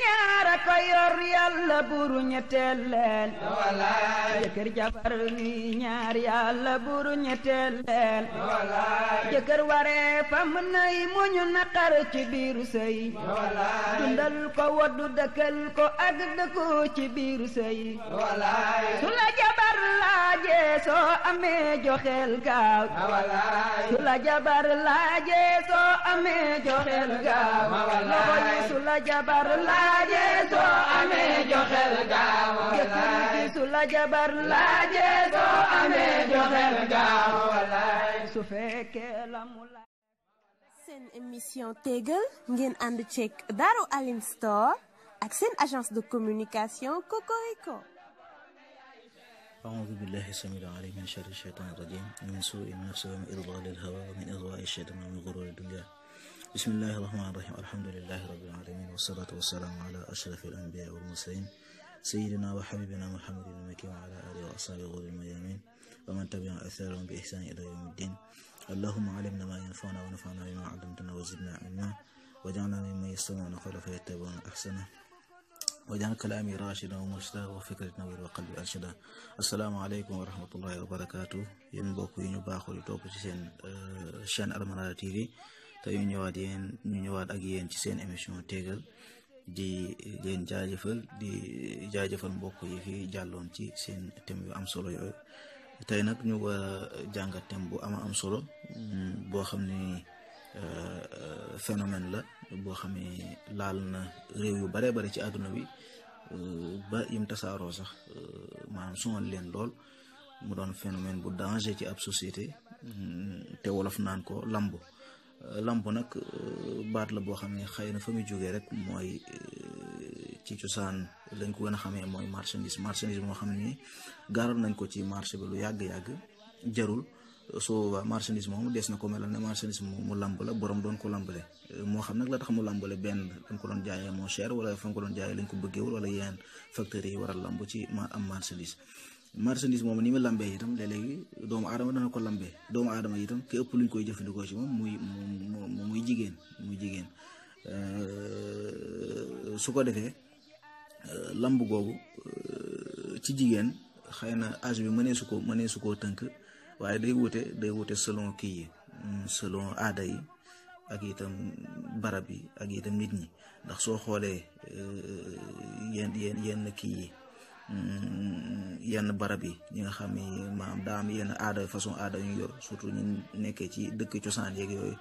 ñaara ko jëkkër jabar ñuy ñaar yàlla buru ñetteel leen jëkkër waree fa mën nay muñu naqar ci biiru sëy dundal ko woddu dëkkal ko ak dëkku ci biiru sëy su la jabar laajee soo amee joxeel gaaw la jabar laaje soo amee joxel gaaw wallaay su la jabar laaje soo amee joxel gaaw wallaay su fekkee la mu la seen émission Téegël ngeen ànd ceeg Darou Alim Store ak seen agence de communication Cocorico أعوذ بالله السميع العليم من شر الشيطان الرجيم من سوء ما نفسه من إضلال الهوى ومن إغواء الشيطان ومن غرور الدنيا بسم الله الرحمن الرحيم الحمد لله رب العالمين والصلاة والسلام على أشرف الأنبياء والمرسلين سيدنا وحبيبنا محمد المكي وعلى آله وأصحابه غور الميامين ومن تبع أثارهم بإحسان إلى يوم الدين اللهم علمنا ما ينفعنا ونفعنا بما علمتنا وزدنا علما وجعلنا ممن يستمعون قولا فيتبعون أحسنه واجعل كلامي راشدا ومرشدا وفكرة نور وقلب أرشدا السلام عليكم ورحمة الله وبركاته ينبوكو ينباخو ين شان أرمانا تيفي tey ñu ñëwaat yéen ñu ñëwaat ak yéen ci seen émission tegal di leen jaajëfal di jaajëfal mbokk yi fi jàlloon ci seen thème yu am solo yooyu tey nag ñu war a jàngat bu ama am solo mm, boo xam ne euh, phénomène la boo xam ni laal na réew yu bare bare ci àdduna bi euh, ba yim tasaaro sax euh, maanaam sonal leen lool mu doon phénomène bu danger ci ab société mm, te wolof naan ko lambo lamp nag euh, baat la boo xam ne xëy na fa muy jógee rek mooy euh, ci cosaan lañ ko gën a xamee mooy marchandise marchandise moo xam ni gaaroon nañ ko ci marché bi lu yàgg-yàgg jarul soo boobaa marchandise moom des na ko melal ne marchandise mu lamb la borom doon ko lambale euh, moo xam nag la tax mu lambale benn dañ ko doon jaayee moo cher wala fa nga ko doon jaayee lañ ko bëggewul wala yeneen facteurs yi waral lamb ci ma am marchandise marchandise moom ni ma lambee itam léeg-léegi doomu aadama dana ko lambee doomu aadama itam ki ëpp luñ koy jëfandikoo ci moom muy muy jigéen muy jigéen euh, su ko defee euh, lamb googu euh, ci jigéen xëy na âge bi su ko mënee su koo tënk waaye day wute day wute selon kii yi mm, selon aada yi ak itam barab yi ak itam nit ñi ndax soo xoolee yenn yenn yenn kii yi. Mm, yenn barab yi ñi nga xam ni maanaam daa am yenn aada façon aada ñu yor surtout ñu nekkee ci dëkk cosaan yéeg yooyu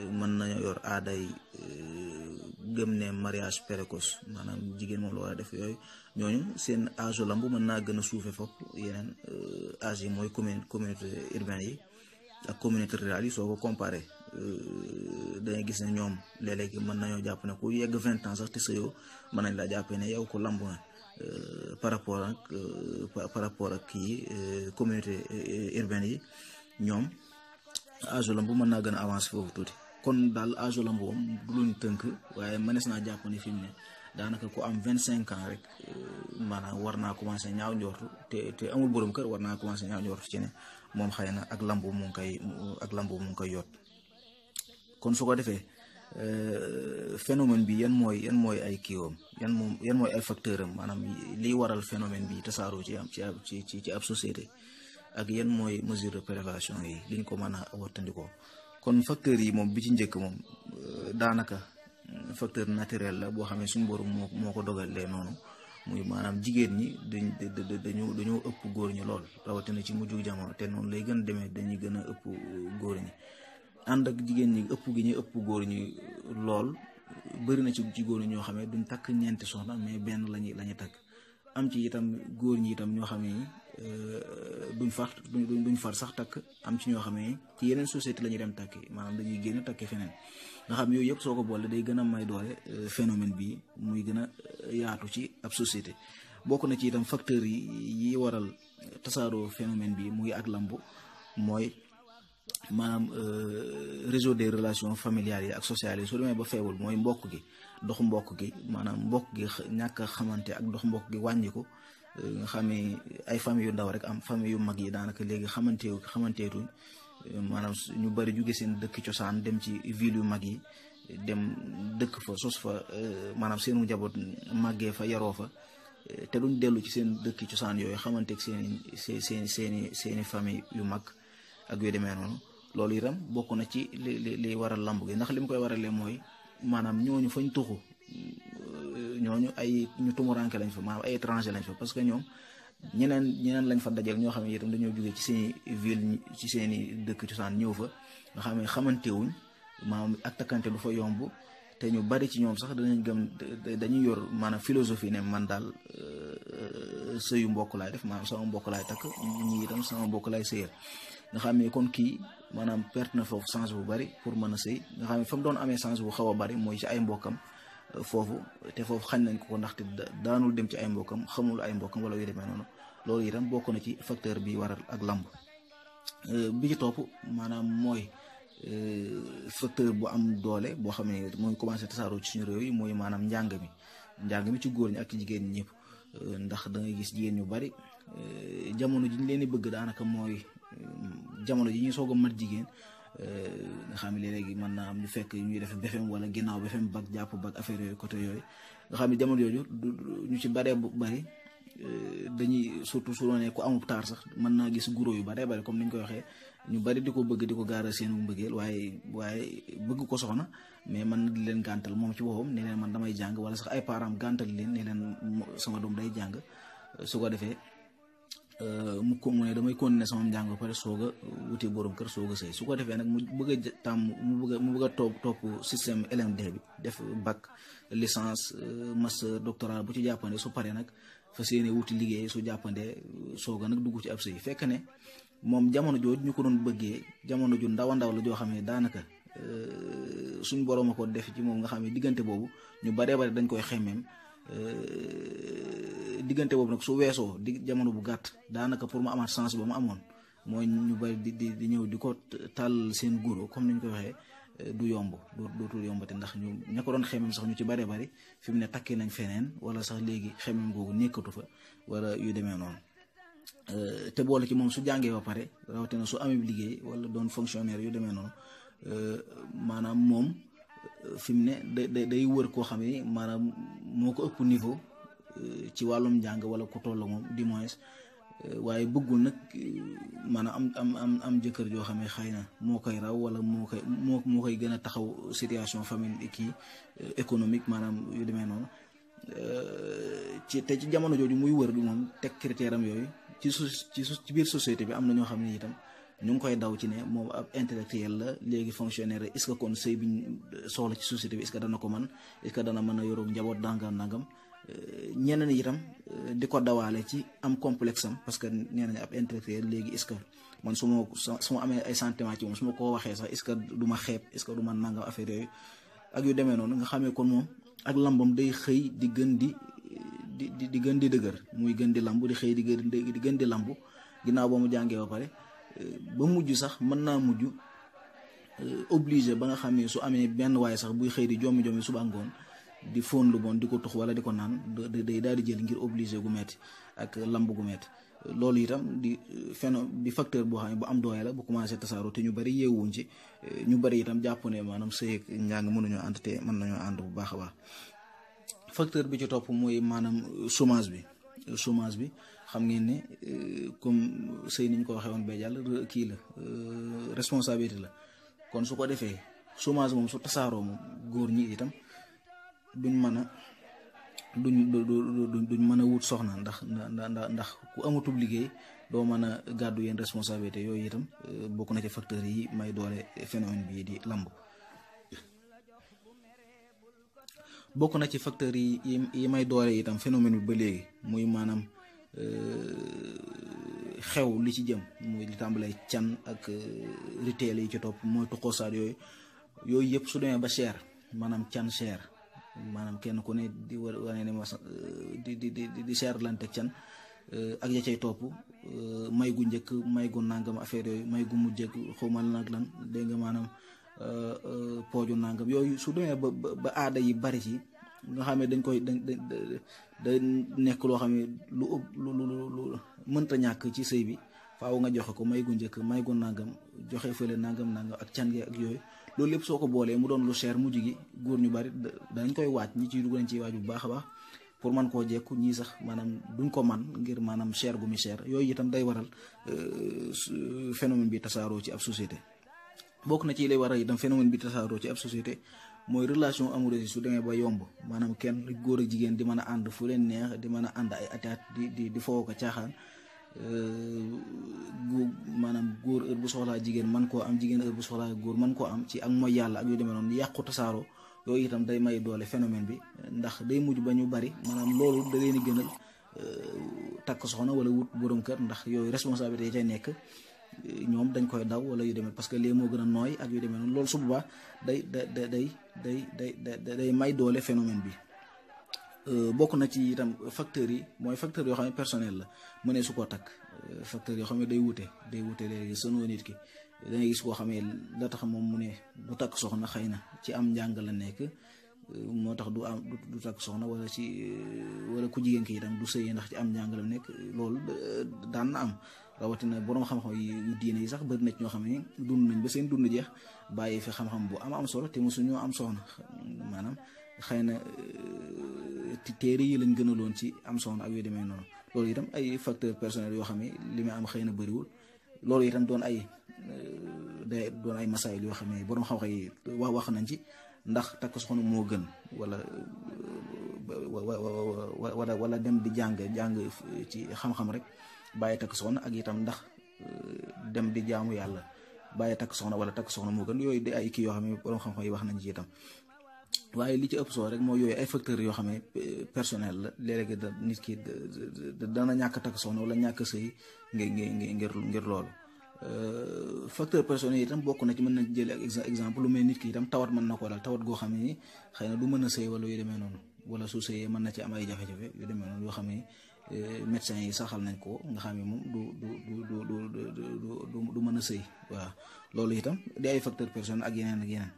eh, mën nañoo yor aaday eh, gëm ne mariage précoce maanaam jigéen moom la a def yooyu ñooñu seen âge lamb mën naa gën a suufe fopp yeneen eh, âge yi mooy commune communauté urbaine yi ak communauté rurale yi soo ko comparé dangay gis ne ñoom léeg-léegi mën nañoo jàpp ne ku yegg vingt ans sax te sa yow mën nañ laa jàppee ne yow ko lamb na Euh, par rapport ak euh, par rapport ak kii euh, communauté urbaine yi ñoom âge lamb mën naa gën a avancer foofu tuuti kon daal âge lamb moom du luñ tënk waaye mënees naa jàpp ni fi mu ne daanaka ku am vingt cinq ans rek maanaam war naa commencé ñaaw njoortu te te amul boroom kër war naa commencé ñaaw njortu ci ne moom xëy na ak lamb mu ngi koy ak lamb mu koy yot kon su defee. Euh, phénomène bi yan mooy yan mooy ay kiiwam yan moom yan mooy ay facteur am maanaam liy waral phénomène bi tasaaroo ci am ci ab ci ci ci ab société ak yan mooy mesure de prévention yi liñ ko mën a wattandikoo kon facteur yi moom bi ci njëkk moom euh, daanaka facteur naturel la boo xam ne suñu borom moo moo ko dogalee noonu muy maanaam jigéen ñi dañ dañu dañoo ëpp góor ñi lool rawatina ci mujj jamono te noonu lay gën demee dañuy gën a ëpp góor ñi ànd ak jigéen ñi ëpp gi ñuy ëpp góor ñi lool bëri na ci ci góor ñoo xam ne duñ takk ñeenti soxna mais benn lañu la ñuy takk am ci itam góor ñi itam ñoo xam ne euh, duñ far duñ far sax takk am ci ñoo xam ne ci yeneen société la ñuy dem takki maanaam dañuy génn takki feneen nga xam yooyu yëpp soo ko boole day gën a may doole euh, phénomène bi muy gën a euh, yaatu ci ab societé bokk na ci itam facteurs yi yi waral tasaaroo bii mu muy ak lamb mooy maanaam euh, réseau des relation familiales yi ak sociales yi su demee ba feebul mooy mbokk gi dox mbokk gi maanaam mbokk gi ñàkk a xamante ak dox mbokk gi wàññiku euh, nga xamee ay famille yu ndaw rek am famille yu mag yi daanaka léegi xamante xamanteetuñ euh, maanaam ñu bari jóge seen dëkk cosaan dem ci ville yu mag yi dem dëkk fa sos fa maanaam seenu njaboot màggee fa yaroo fa te duñ dellu ci seen dëkk cosaan yooyu xamanteek ak seen seen seen seeni seeni famille yu mag ak yu demee noonu loolu itam bokk na ci li li waral lamb gi ndax li mu koy waralee mooy maanaam ñooñu fañ tuxu euh, ñooñu ay ñu tumuranke lañ fa maanaam ay étranger lañ fa parce que ñoom ñeneen ñeneen lañ fa dajal ñoo xam ne itam dañoo jógee ci seeni ville ci seeni dëkk cosaan ñëw fa nga xam ne xamantewuñ maam ak takkante du fa yomb te ñu bari ci ñoom sax danañ gëm dañuy yor maanaam philosophie ne man daal euh, sëyu mbokk laay def maanaam sama mbokk laay takk ñi itam sama mbokk laay sëyal nga xam ne kon kii maanaam perte na foofu chance bu bari pour mën a sëy nga xam ne fa mu doon amee change bu xaw a bari mooy ci ay mbokkam euh, foofu te foofu xañ nañ ko ko ndaxte daanul dem ci ay mbokkam xamul ay mbokkam wala yu demee noonu loolu yi itam bokk na ci facteur bi waral ak làmb euh, bi ci topp maanaam mooy euh, facteur bu am doole boo xam ne mooy commencé tasaaroo ci suñu réew yi mooy maanaam njàng mi njàng mi ci góor ñi ak jigéen ñi ñëpp ndax da ngay gis jigéen ñu bari jamono ji ñu leen di bëgg daanaka mooy Euh, jamono ji ñuy soog a mat jigéen euh, nga xam ne léegi mën naa am ñu fekk ñuy def BFEM wala ginnaaw BFEM bac jàpp bac affaire yooyu côté yooyu nga xam ne jamono yooyu ñu ci baree bari euh, dañuy surtout su doonee ku amub taar sax mën naa gis guro yu baree bari comme ni ñu koy waxee ñu bari di ko bëgg di ko gaara seenu mbëggeel waaye waaye bëgg ko soxna mais man na di leen gàntal moom ci boppam ne leen man damay jàng wala sax ay parents gàntal leen ne leen sama doom day jàng su ko defee Euh, mu ko mu ne damay continuer sama njàng ba pare soog wuti borom kër soog a sëy su ko defee nag mu bëgg a tàmm mu bëgg mu bëgg a topp topp système LMD def bac licence euh, master doctorat bu ci jàppande su paree nag fas yéene wuti liggéey su jàppande soog nag dugg ci ab sëy fekk ne moom jamono jooju ñu ko doon bëggee jamono ju ndaw ndaw la joo xam ne daanaka euh, suñ borom a ko def ci moom nga xam ne diggante boobu ñu baree bare dañ koy xemmeem diggante boobu nag su weesoo di jamono bu gàtt daanaka pour mu amaat chance ba mu amoon mooy ñu bari di di di ñëw di ko tàll seen guro comme ni ñu ko waxee euh, du yomb dootul yombati ndax ñu ña ko doon xemem sax ñu ci bare bari fi mu ne takki nañ feneen wala sax léegi xemem googu nekkatu fa wala yu demee noonu euh, te boole ci moom su jàngee ba pare rawatina su amee liggéey wala doon fonctionnaire yu demee noonu euh, maanaam moom fi ne day day wër koo xam ne maanaam moo ko ëpp niveau ci wàllum njàng wala ku toll moom du moins euh, waaye bëggul nag euh, maanaam am am am jëkkër joo xam ne xëy na moo koy raw wala moo koy moo moo koy gën a taxaw situation famille kii euh, économique maanaam yu demee noonu ci te ci jamono jooju muy wër bi moom teg critère am yooyu ci su ci ci biir société bi am na ñoo xam ne itam ñu ngi koy daw ci ne moom ab intellectuel la léegi fonctionnaire est-ce kon sëy bi soxla ci société bi est dana ko man est dana mën a yoroo njaboot dàngam nangam ñeneen itam euh, di ko dawaale ci am complexam parce que nee nañ ab intellectuel léegi est-ce que man su ma su ma amee ay sentiment ci moom su ma ko waxee sax est-ce que duma ma est-ce que du ma nangam yooyu ak yu demee noonu nga xamee kon moom ak lambam day xëy di gën di di di gën di dëgër muy gën di lamb di xëy di gën di gën di lamb ginnaaw ba mu jàngee ba pare euh, ba mujj sax mën naa mujj euh, obligé ba nga xam ne su amee benn waaye sax buy xëy di jommi jommi suba ngoon di fóon lu bon di ko tox wala di ko naan day daal di jël ngir obligé gu metti ak lamb gu metti loolu itam di euh, feno di facteur boo xam ne bu am doole la bu commencé tasaaroo te ñu bari yeewuñ ci euh, ñu bari itam jàpp maanaam sëyeeg njàng mënuñoo ànd te mën nañoo ànd bu baax a baax facteur bi ci topp mooy maanaam euh, chômage bi chômage bi xam ngeen ne comme sëy niñ ko waxee woon ba jàll kii la responsabilité la kon su ko defee chômage moom su tasaaroo moom góor ñii itam duñ mën a duñ duñ mën a wut soxna ndax ndax ndax ku amatub liggéey doo mën a gàddu yenn responsabilité yooyu itam euh, bokk na ci facteurs yi may doole phénomène bii di lamb bokk na ci facteurs yi yi may doole itam phénomène bi ba léegi muy maanaam euh, xew li ci jëm muy li tàmbalee can ak euh, retail yi ci topp mooy tuxoosaat yooyu yooyu yëpp su demee ba cher maanaam can cher maanaam kenn ku ne di wane ne mas di di di di seerlante can euh, ak ya cay topp euh, may gu njëkk may gu nangam affaire yooyu may gu mujj ak xawma lan ak lan dégg nga maanaam euh, pooju nangam yooyu su demee ba ba aada yi bari ci nga xam ne dañ koy dañ day nekk loo xam ne lu ëpp lu lu lu mënta ñàkk ci sëy bi faaw nga joxe ko may gu njëkk may gu nangam joxe fële nangam nangam ak can gi ak yooyu. loolu lépp soo ko boolee mu doon lu cher mujj gi góor ñu bari dañ koy waaj ñi ciy dugg nañ ci waaj bu baax a baax pour man koo jekku ñii sax maanaam duñ ko man ngir maanaam cher gu mu cher yooyu itam day waral euh, phénomène bi tasaaroo ci ab société. bokk na ci lay waral itam phénomène bi tasaaroo ci ab société mooy relation amoureuse su demee ba yomb maanaam kenn góor ak jigéen di mën a ànd fu leen neex di mën a ànd ay ataat di di di foo ko caaxaan. góor maanaam góor heure bu soxlaa jigéen man koo am jigéen heure bu soxlaa góor man koo am ci ak mooy yàlla ak yu demee noonu yàqu tasaaroo yooyu itam day may doole phénomène bi ndax day mujj ba ñu bari maanaam loolu di gën a euh, takk soxna wala wut borom kër ndax yooyu responsabilité yi cay nekk euh, ñoom dañ koy daw wala yu demee parce que lee moo gën a nooy ak yu demee noonu loolu su boobaa day day day day day day may doole phénomène bi. Euh, bokk na ci itam facteurs yi mooy facteurs yoo xam ne personnel la mu ne su koo takk euh, facteurs yoo xam ne day wute day wute léegi sënoo nit ki dangay gis koo xamee la tax moom mu ne du takk soxna xëy na ci am njàng nekk euh, moo tax du am du takk soxna wala ci wala ku jigéen ki itam du sëyee ndax ci am njàng la nekk loolu daan na am rawatina boroom xam-xam yu diine yi sax bëri na ci ñoo xam ne dund nañ ba seen dund jeex bàyyi fi xam-xam bu am am solo te mosuñoo am soxna maanaam xëy na ci téere yi lañ gënaloon ci am soxna ak yooyu demee noonu loolu itam ay facteur personnel yoo xam ne li muy am xëy na bëriwul loolu itam doon ay euh, day doon ay masaayil yoo xam ne borom xam-xam yi wax nañ ci ndax takk soxna moo gën wala euh, wala wala dem di jàng jàng ci xam rek bàyyi takk soxna ak itam ndax euh, dem di jaamu yàlla bàyyi takk soxna wala takk soxna moo gën yooyu di ay kii xam ne borom yi wax nañ ci itam waaye li ci ëpp soo rek moo yooyu ay facteurs yoo xam ne euh, personnel la léeg-léeg da nit ki dana ñàkk a takk soxna wala ñàkk a sëy ngir ngir ngir loolu euh, facteur personnel yi tam bokk na ci mën na jële ak exemple lu mel nit ki itam tawat mën na ko dal tawat goo xam ne xëy na du mën a sëy wala yu noonu wala su sëyee mën na ci am ay jafe-jafe yu demee noonu yoo xam ne euh, médecin yi saxal nañ ko nga xam ne moom du du du du du du mën a sëy waaw loolu itam di ay facteur personnel ak yeneen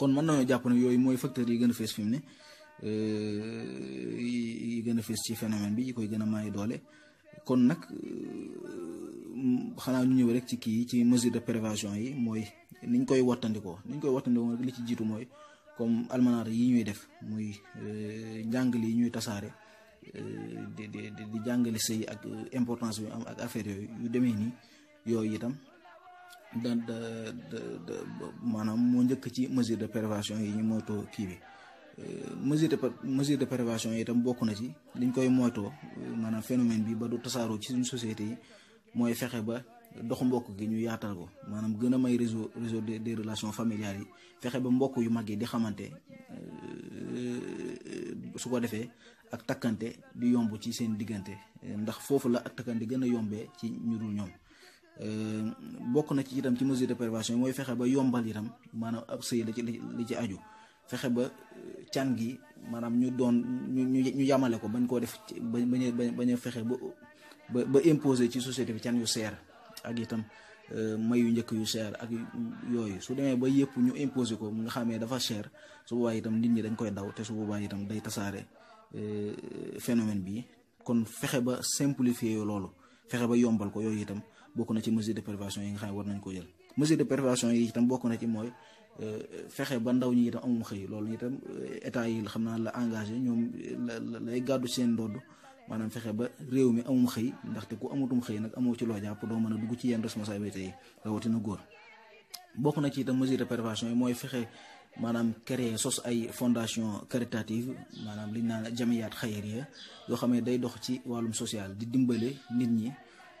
kon mën nañoo jàpp ne yooyu mooy facteurs yi gën a fees fi mu ne euh, yi gën a fees ci phénomène bi yi koy gën a may doole kon nag euh, xanaa ñu ñëw rek ci kii yi ci mesure de prévention yi mooy niñ koy wattandikoo niñ koy wattandikoo rek li ci jiitu mooy comme almanara yi ñuy def muy euh, njàngale yi ñuy tasaare di di di jàngale sëy ak importance bi am ak affaire yooyu yu demee nii yooyu itam maanaam moo njëkk ci mesure de prévention yi ñu moytoo kii bi euh, mesure de mesure de prévention yi bokk na ci liñ koy moytoo euh, maanaam phénomène bi ba du tasaaroo ci suñu société yi mooy fexe ba doxu mbokk gi ñu yaatal ko maanaam gën a may réseau réseau des relation familiales yi fexe ba mbokk yu mag yi di xamante euh, su ko defee ak takkante di yomb ci seen diggante ndax foofu la ak takkante gën a yombee ci ñu dul ñoom. Euh, bokk na ci itam ci mesure de prévention mooy fexe ba yombal itam maanaam ab sëy la ci li ci aju fexe ba euh, can gi maanaam ñu doon ñu ñu yamale ko bañ koo def ba bañ a fexe ba ba imposer ci société bi can yu seer ak itam euh, mayu njëkk yu seer ak yooyu su demee ba yëpp ñu imposer ko nga xamee dafa cher su itam nit ñi dañ koy daw te su boobaa itam day tasaare phénomène bi kon fexe ba simplifier loolu fexe ba yombal ko yooyu itam bokk na ci mesure de prévention yi nga xam war nañ ko jël mesure de prévention yi itam bokk na ci mooy euh, fexe ba ndaw ñi itam amum xëy loolu itam euh, état yi xam naa la engagé ñoom la lay gàddu seen ndodd maanaam fexe ba réew mi amum xëy ndaxte ku amatum xëy nag amoo ci loo jàpp doo mën a dugg ci yenn responsabilités yi rawatina góor bokk na ci itam mesure de prévention yi mooy fexe maanaam créer sos ay fondation caritative maanaam liñ naan jamiyaat xayriya yoo xam ne day dox ci wàllum social di dimbale nit ñi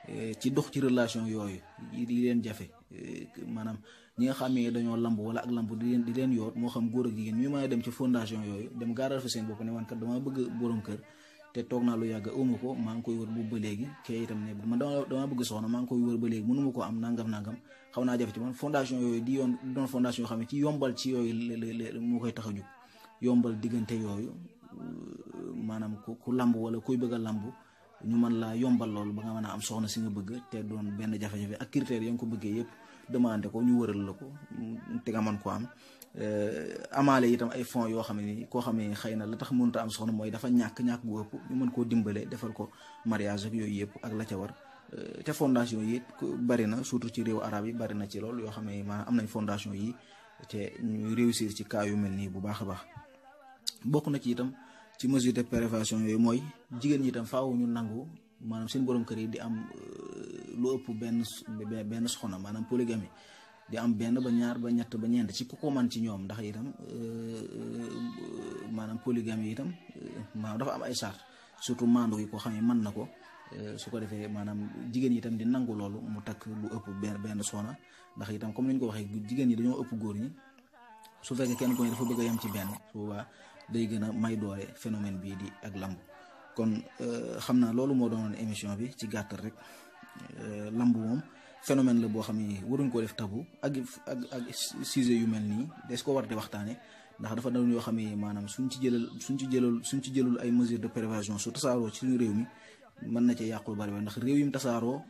Eh, ci dox ci relation yooyu yi leen jafe eh, maanaam ñi nga xam ne dañoo lamb wala ak lamb di leen di leen yoot moo xam góor ak jigéen ñu maa a dem ci fondation yooyu dem gaaral fa seen bopp ne man kat dama bëgg borom kër naa lu yàgg uma ko maa ngi koy wër bu ba léegi kee itam ne man dama bëgg soxna maa ngi koy wër ba léegi mënuma ko am nangam nangam xaw naa jafe ci man fondation yooyu di yoon doon fondation yoo xam ne ci yombal ci yooyu moo koy tax a jóg yombal diggante yooyu maanaam ku lamb wala kuy bëgg a lamb ñu man laa yombal loolu ba nga mën a am soxna si nga bëgg te doon benn jafe-jafe ak critères ya nga ko bëggee yëpp demandé ko ñu wëral la ko te nga man ko am euh, amaale itam ay fonds yoo xam ne koo xam ne xëy na la tax mënut a am soxna mooy dafa ñàkk ñàkk gu ëpp ñu mën koo dimbale defal ko mariage ak yooyu yëpp ak la ca war euh, te fondation yi bari na surtout ci réew arab yi bari na ci lool yoo xam ne maanaam am nañ fondation yi te ñu réussir ci cas yu mel nii bu baax a baax na ci itam. ci mesure de prévention yooyu mooy jigéen ñi tam faaw ñu nangu maanaam seen boroom kër yi di am euh, lu ëpp benn benn soxna maanaam polygamie di am benn ba ñaar ba ñett ba ñeent ci man ci ñoom ndax itam euh, euh, maanaam polygamie itam maanaam dafa am ay sart surtout maandu yi ko xam ne mën na ko su ko defee maanaam jigéen itam di nangu loolu mu takk lu ëpp benn benn soxna ndax itam comme ni ñu ko waxee jigéen ñi dañoo ëpp góor ñi su fekkee kenn ku ne dafa bëgg a yem ci benn su boobaa day gën a may doole phénomène bii di ak lamb kon euh, xam naa loolu moo doonoon émission bi ci gàttal rek euh, lamb moom phénomène la boo xam ne waruñ koo def tabu ak ak ak sujet yu mel nii des ko war di ndax dafa doon yoo xam ni maanaam suñ ci jëlal suñ ci jëlal suñ ci jëlul ay mesures de prévention su tasaaroo ci réew mi mën na cee yàqu bari ndax réew yi tasaaroo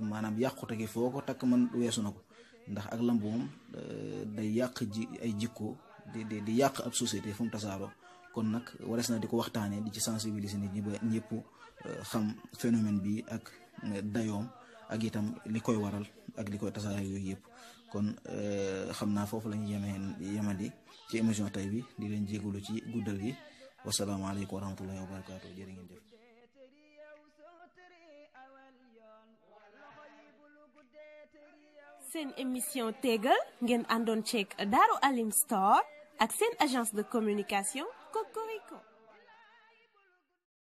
maanaam yàqute gi foo ko takk man weesu na ko ndax ak lamb moom euh, day yàq ji ay jikko di di di yàq ab société fu mu tasaaroo kon nag warees na di ko waxtaanee di ci sensibiliser nit ñi ba ñëpp euh, xam phénomène bi ak euh, dayoom ak itam li koy waral ak li koy tasaare yooyu yëpp kon euh, xam naa foofu la ñu yemeen yemandi ci émission tey bi di leen jégalu ci guddal gi wasalaamaaleykum wa rahmatullahi wa barakaatu jërë ngeen jëf seen émission tegal ngeen àndoon ceeg Darou Alim ak seen agence de communication Cocorico.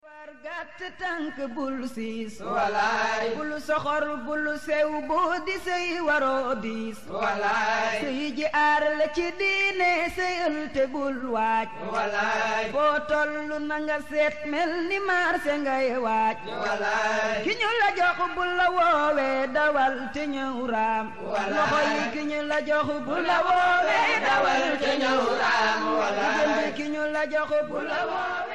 par gàtt tànk bul siis walaay bul soxor bul sew boo sëy waroo diis walaay ji aar la ci diine sëyal te bul waaj walaay boo tollu na nga seet mel ni marse ngay waaj walaay ki ñu la jox bul la woowee dawal te ñëw raam loxo ki ñu jox bul la woowee dawal te ñëw raam walaay